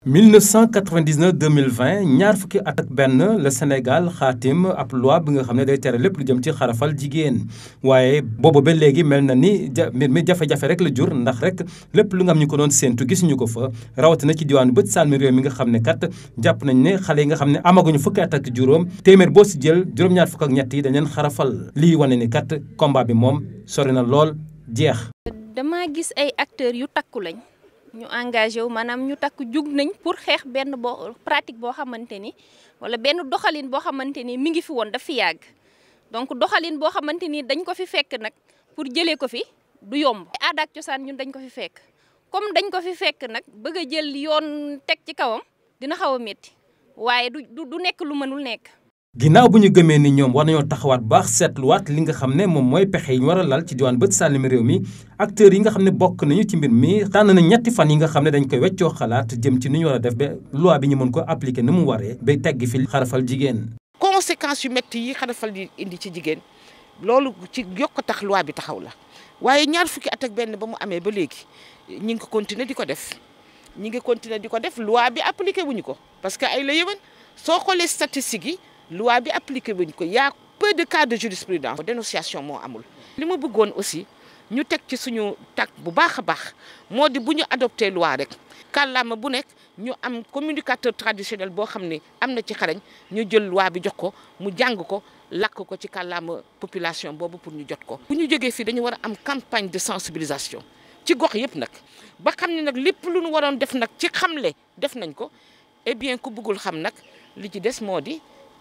1999-2020 ñaar fukki at ak benn Sénégal xaatim ap loi bi nga xamné day tere lepp lu jëm ci xarafal jigen wayé boobu ba léegi mel na ni ja mi jafé jafé rek la jur ndax rek lepp lu nga ñu ko sentu gis ñu ko fa na ci salmi rew mi nga xamné kat japp nañ né xalé nga xamné amagu ñu fukki at ak juróom téeméer boo si jël juroom ñaar fukk ak ñett yi dañ leen xarafal li wane ni kat combat bi mom sori na lool jeex. dama gis ay acteurs yu takku lañ. ñu engagé wu maanaam ñu takk jug nañ pour xeex benn boo pratique boo xamante ni wala benn doxalin boo xamante ni mi ngi fi woon daf fi donc doxalin boo xamante ni dañ ko fi fekk nag pour jëlee ko fi du yomb. aada cosaan ñun dañ ko fi fekk comme dañ ko fi fekk nag bëgg a jël yoon teg ci kawam dina xaw a métti waaye du du nekk lu mënul nekk. ginnaaw bu ñu gëmee ni ñoom war nañoo taxawaat baax seetluwaat li nga xam ne moom mooy pexe yi ñu war a lal ci diwaan bët sàllimi réew mi acteurs yi nga xam ne bokk nañu ci mbir mi tànn na ñetti fan yi nga xam ne dañ koy weccoo xalaat jëm ci ni ñu war a def ba loi bi ñu mën ko appliquer ni mu waree bay tegg fi xarafal jigéen conséquences yu metti yi xarafal yi indi ci jigéen loolu ci yokk tax luwaat bi taxaw la waaye ñaar fukki at ak benn ba mu amee ba léegi ñi ngi ko continuer di ko def ñi ngi continuer di ko def loi bi appliqué wuñu ko parce que ay la yëwan soo xoolee statistiques yi loi bi appliquer wuñ ko y a peu de cas de jurisprudence dénonciation mo amul limu bëggone aussi ñu tek ci suñu tak bu baaxa baax modi buñu adopter loi rek bu nek ñu am communicateur traditionnel bo xamné ne ci xarañ ñu jël loi bi jox ko mu jang ko lak ko ci kàllaama population bobu pour ñu jot ko bu ñu fi dañu wara am campagne de sensibilisation ci gox yépp nak ba xam nak lepp lu ñu waron def nak ci xamlé def nañ ko et eh bien ku bëggul xam nak li ci dess modi